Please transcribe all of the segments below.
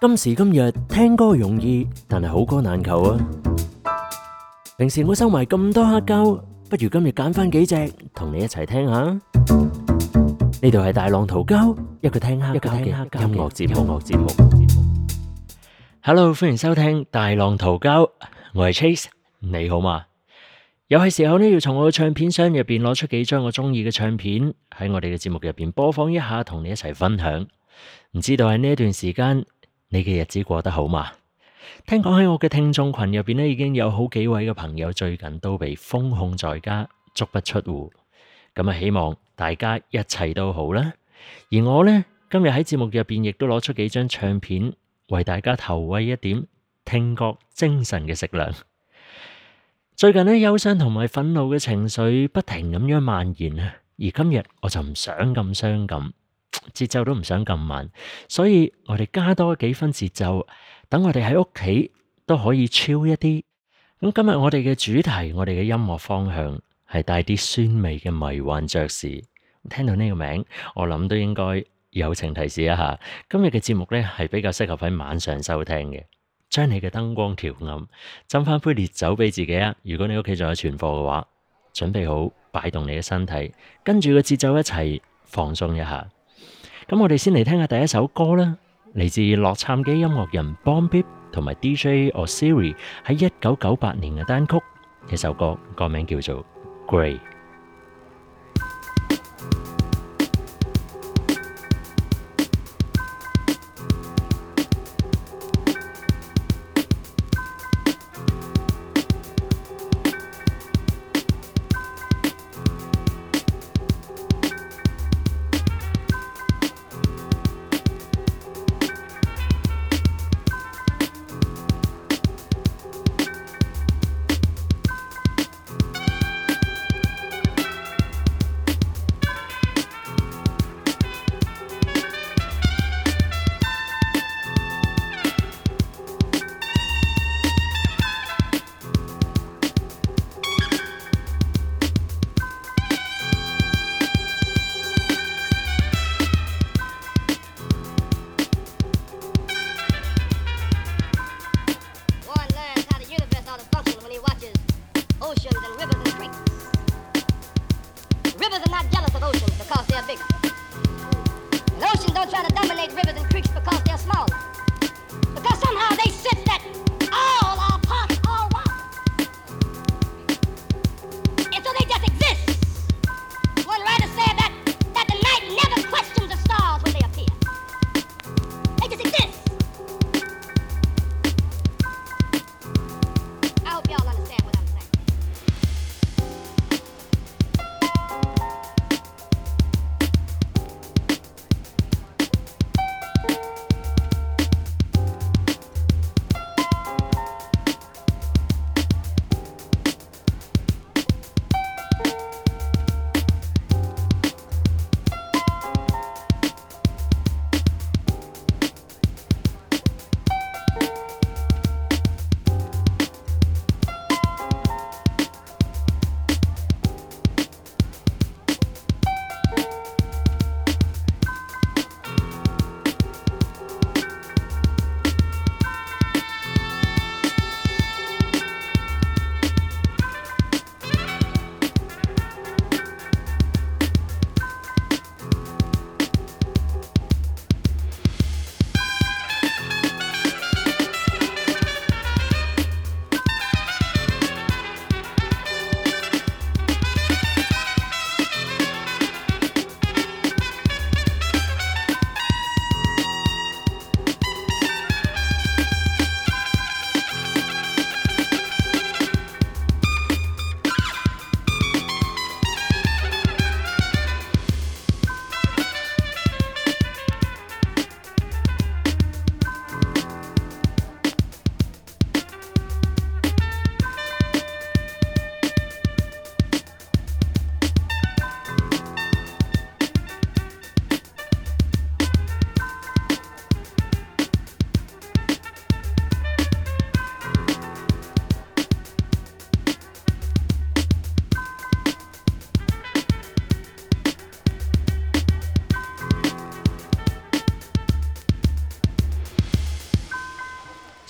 今時今日聽歌容易，但係好歌難求啊！平時我收埋咁多黑膠，不如今日揀翻幾隻同你一齊聽一下。呢度係大浪淘膠，球一個聽黑膠嘅音樂節目。有音樂節目。Hello，歡迎收聽大浪淘膠，我係 Chase，你好嘛？又係時候呢，要從我嘅唱片箱入邊攞出幾張我鍾意嘅唱片，喺我哋嘅節目入邊播放一下，同你一齊分享。唔知道喺呢一段時間，你嘅日子過得好嗎？聽講喺我嘅聽眾群入邊呢，已經有好幾位嘅朋友最近都被封控在家，足不出戶。咁啊，希望大家一切都好啦。而我呢，今日喺節目入邊，亦都攞出幾張唱片，為大家投喂一點聽覺精神嘅食糧。最近呢，憂傷同埋憤怒嘅情緒不停咁樣蔓延啊！而今日我就唔想咁傷感。節奏都唔想咁慢，所以我哋加多幾分節奏，等我哋喺屋企都可以 chill 一啲。咁今日我哋嘅主題，我哋嘅音樂方向係帶啲酸味嘅迷幻爵士。聽到呢個名，我諗都應該友情提示一下，今日嘅節目咧係比較適合喺晚上收聽嘅。將你嘅燈光調暗，斟翻杯烈酒俾自己啊。如果你屋企仲有存貨嘅話，準備好擺動你嘅身體，跟住個節奏一齊放鬆一下。咁我哋先嚟聽下第一首歌啦，嚟自洛杉磯音樂人 Boom Bip 同埋 DJ Osiris 喺一九九八年嘅單曲，一首歌歌名叫做《Grey》。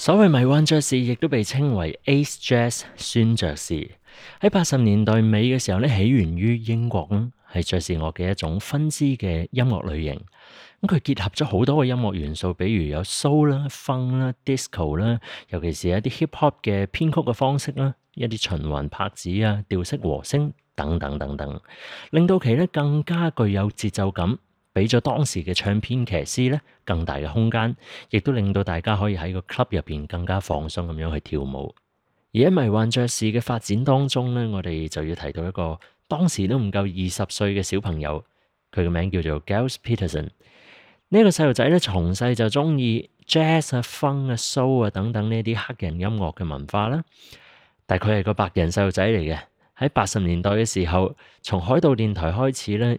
所謂迷幻爵士，亦都被稱為 Ace Jazz 酸爵士。喺八十年代尾嘅時候咧，起源於英國啦，係爵士樂嘅一種分支嘅音樂類型。咁佢結合咗好多嘅音樂元素，比如有 soul 啦、funk 啦、disco 啦，尤其是一啲 hip hop 嘅編曲嘅方式啦，一啲循環拍子啊、調式和聲等等等等，令到其咧更加具有節奏感。俾咗當時嘅唱片騎師咧更大嘅空間，亦都令到大家可以喺個 club 入邊更加放鬆咁樣去跳舞。而喺迷幻爵士嘅發展當中咧，我哋就要提到一個當時都唔夠二十歲嘅小朋友，佢嘅名叫做 Gilles Peterson。呢、這個細路仔咧從細就鍾意 jazz 啊、funk 啊、soul 啊等等呢啲黑人音樂嘅文化啦。但係佢係個白人細路仔嚟嘅。喺八十年代嘅時候，從海盜電台開始咧。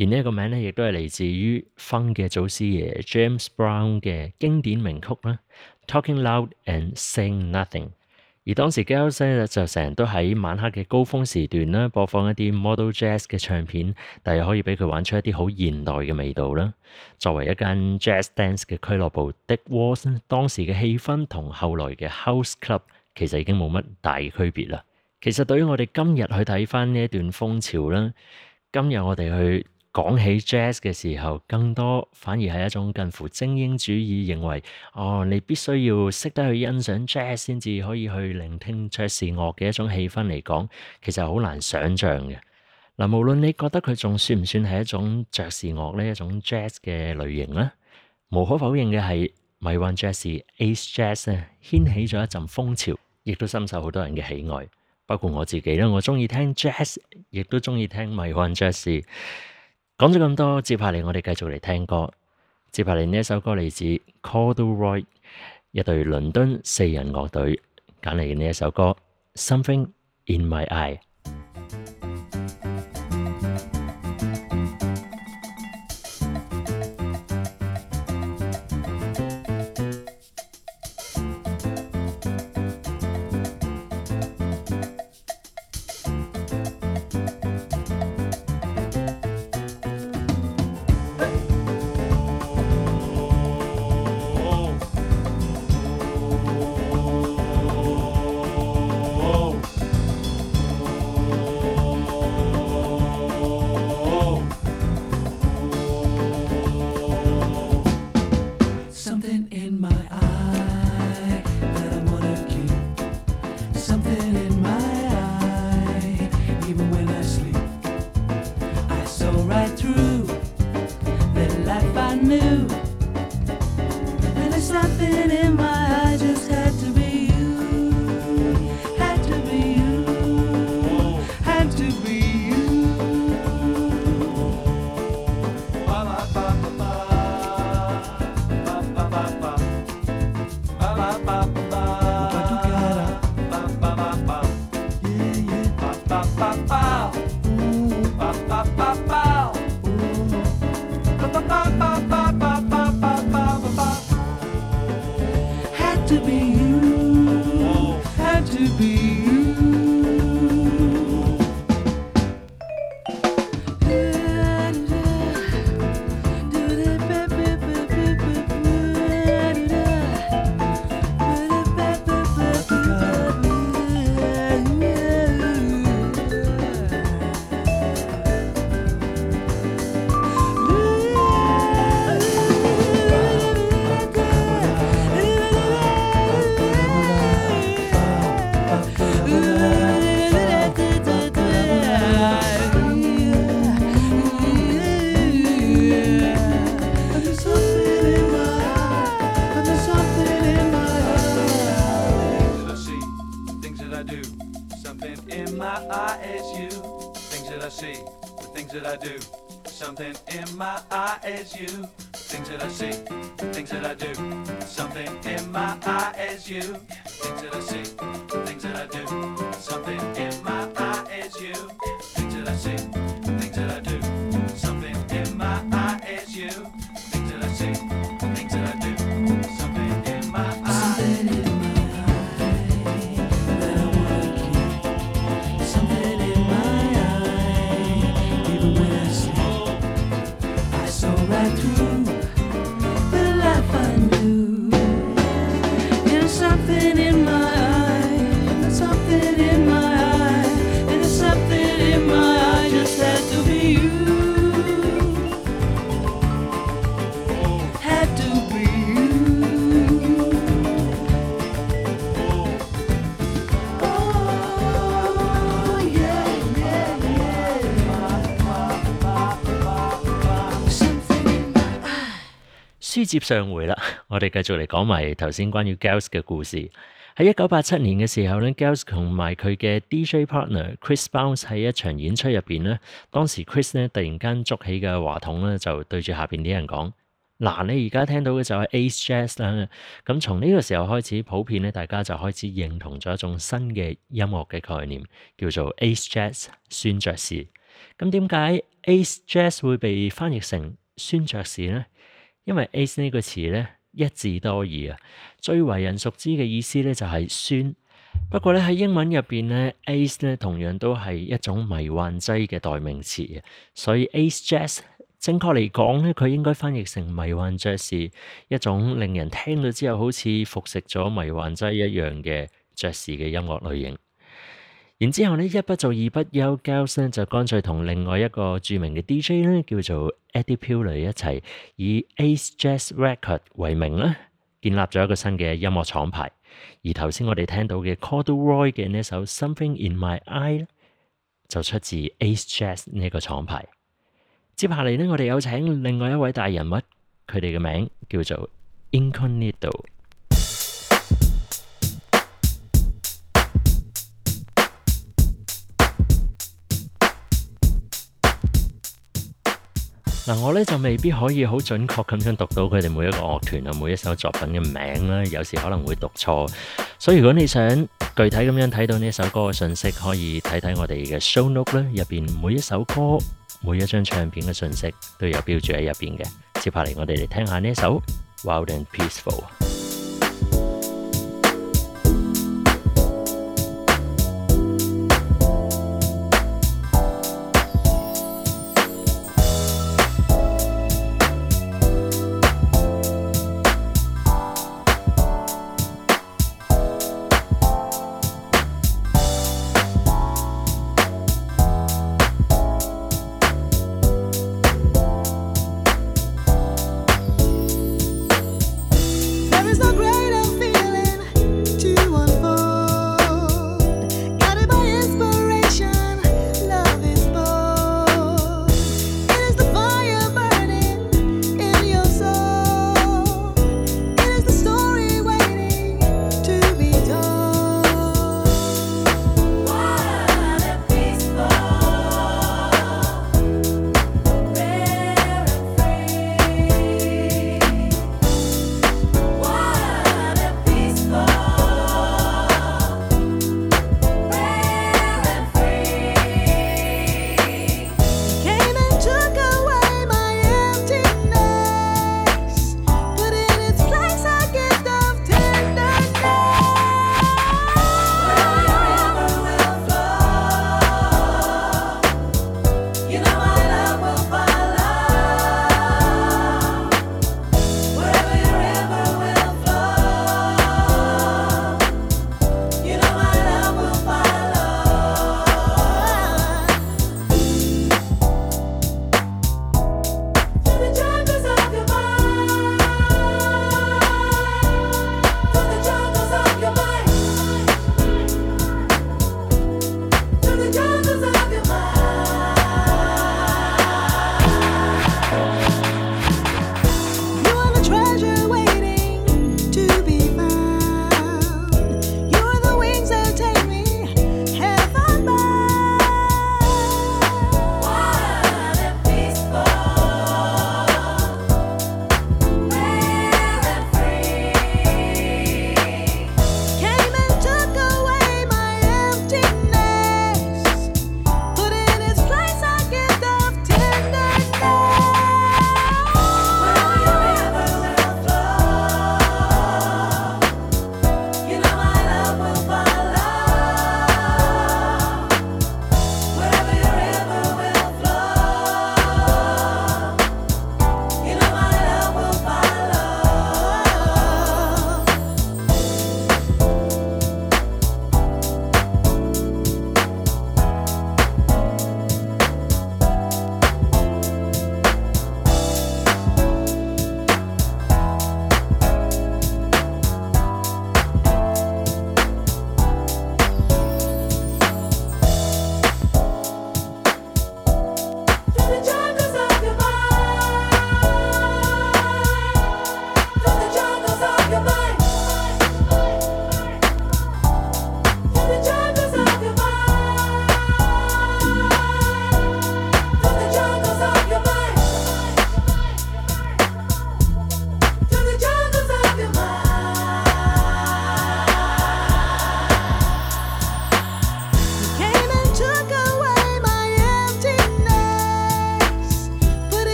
而呢一個名咧，亦都係嚟自於 Funk 嘅祖師爺 James Brown 嘅經典名曲啦。Talking Loud and Sayin' Nothing。而當時 Gilles 咧，就成日都喺晚黑嘅高峰時段啦，播放一啲 Modal Jazz 嘅唱片，但係可以俾佢玩出一啲好現代嘅味道啦。作為一間 Jazz Dance 嘅俱樂部，Dingwalls 咧，當時嘅氣氛同後來嘅 House Club 其實已經冇乜大區別啦。其實對於我哋今日去睇翻呢一段風潮啦，今日我哋去，講起 jazz 嘅時候，更多反而係一種近乎精英主義，認為哦，你必須要識得去欣賞 jazz 先至可以去聆聽爵士樂嘅一種氣氛嚟講，其實好難想像嘅嗱。無論你覺得佢仲算唔算係一種爵士樂呢，一種 jazz 嘅類型呢，無可否認嘅係迷幻 jazz、ace jazz 咧，掀起咗一陣風潮，亦都深受好多人嘅喜愛，包括我自己啦。我中意聽 jazz，亦都中意聽迷幻 jazz。講咗咁多，接下嚟我哋繼續嚟聽歌。接下嚟呢一首歌嚟自 Corduroy，一隊倫敦四人樂隊，揀嚟嘅呢一首歌《Something in My Eye》。接上回啦，我哋繼續嚟講埋頭先關於 Gilles 嘅故事。喺一九八七年嘅時候咧，Gilles 同埋佢嘅 DJ partner Chris Bangs 喺一場演出入邊咧，當時 Chris 咧突然間捉起嘅話筒咧，就對住下邊啲人講：嗱、啊，你而家聽到嘅就係 Acid Jazz 啦。咁從呢個時候開始，普遍咧大家就開始認同咗一種新嘅音樂嘅概念，叫做 Acid Jazz，酸爵士。咁點解 Acid Jazz 會被翻譯成酸爵士咧？因為 acid 呢個詞呢，一字多義啊，最為人熟知嘅意思呢就係酸。不過呢，喺英文入邊呢，acid 呢同樣都係一種迷幻劑嘅代名詞啊。所以 acid jazz，正確嚟講呢，佢應該翻譯成迷幻爵士，一種令人聽到之後好似服食咗迷幻劑一樣嘅爵士嘅音樂類型。然之後呢，一不做二不休，Gilles 咧就乾脆同另外一個著名嘅 DJ 呢，叫做 Eddie Piller 一齊，以 Acid Jazz Record 為名啦，建立咗一個新嘅音樂廠牌。而頭先我哋聽到嘅 Corduroy 嘅呢首 Something in My Eye 咧，就出自 Acid Jazz 呢一個廠牌。接下嚟呢，我哋有請另外一位大人物，佢哋嘅名叫做 Incognito。嗱、啊，我咧就未必可以好準確咁樣讀到佢哋每一個樂團啊，每一首作品嘅名啦。有時可能會讀錯。所以如果你想具體咁樣睇到呢首歌嘅信息，可以睇睇我哋嘅 ShowNote 咧，入邊每一首歌、每一張唱片嘅信息都有標注喺入邊嘅。接下嚟，我哋嚟聽下呢一首 Wild and Peaceful。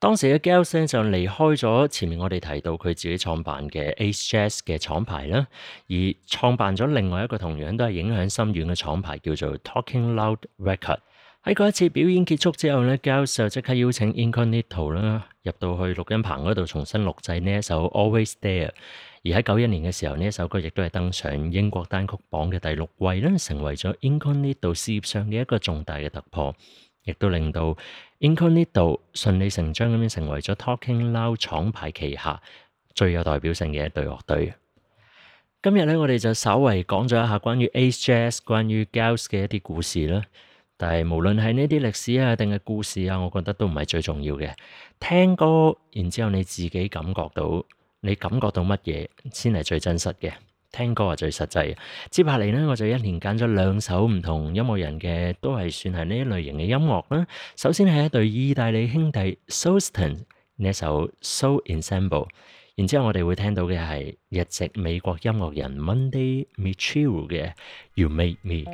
當時嘅 Gilles 就離開咗前面我哋提到佢自己創辦嘅 Acid Jazz 嘅廠牌啦，而創辦咗另外一個同樣都係影響深遠嘅廠牌叫做 Talkin' Loud Records。喺嗰一次表演結束之後呢 Gilles 就即刻邀請 Incognito 啦入到去錄音棚嗰度重新錄製呢一首 Always There。而喺九一年嘅時候呢一首歌亦都係登上英國單曲榜嘅第六位啦，成為咗 Incognito 事業上嘅一個重大嘅突破。亦都令到 Incognito 順理成章咁樣成為咗 Talking Loud 廠牌旗下最有代表性嘅一隊樂隊。今日咧，我哋就稍微講咗一下關於 Acid Jazz、關於 Gilles 嘅一啲故事啦。但係無論係呢啲歷史啊定嘅故事啊，我覺得都唔係最重要嘅。聽歌，然之後你自己感覺到你感覺到乜嘢，先係最真實嘅。聽歌係最實際。接下嚟咧，我就一連揀咗兩首唔同音樂人嘅，都係算係呢一類型嘅音樂啦。首先係一對意大利兄弟 Soulson 嘅一首 Soul Ensemble，然之後我哋會聽到嘅係日籍美國音樂人 Monday Michiru 嘅 You Make Me。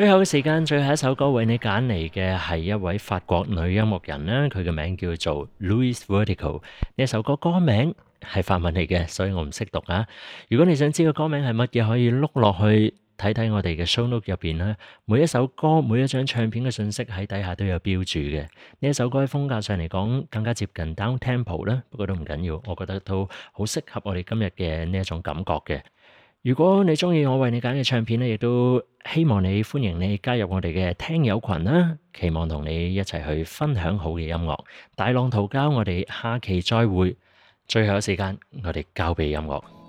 最後嘅時間，最後一首歌為你揀嚟嘅係一位法國女音樂人啦，佢嘅名叫做 Louis Vertigo。呢首歌歌名係法文嚟嘅，所以我唔識讀啊。如果你想知個歌名係乜嘢，可以碌落去睇睇我哋嘅 show note 入邊啦。每一首歌每一張唱片嘅信息喺底下都有標注嘅。呢一首歌喺風格上嚟講更加接近 down tempo 啦，不過都唔緊要，我覺得都好適合我哋今日嘅呢一種感覺嘅。如果你中意我為你揀嘅唱片呢，亦都希望你歡迎你加入我哋嘅聽友群啦，期望同你一齊去分享好嘅音樂。大浪淘膠，我哋下期再會。最後一時間，我哋交畀音樂。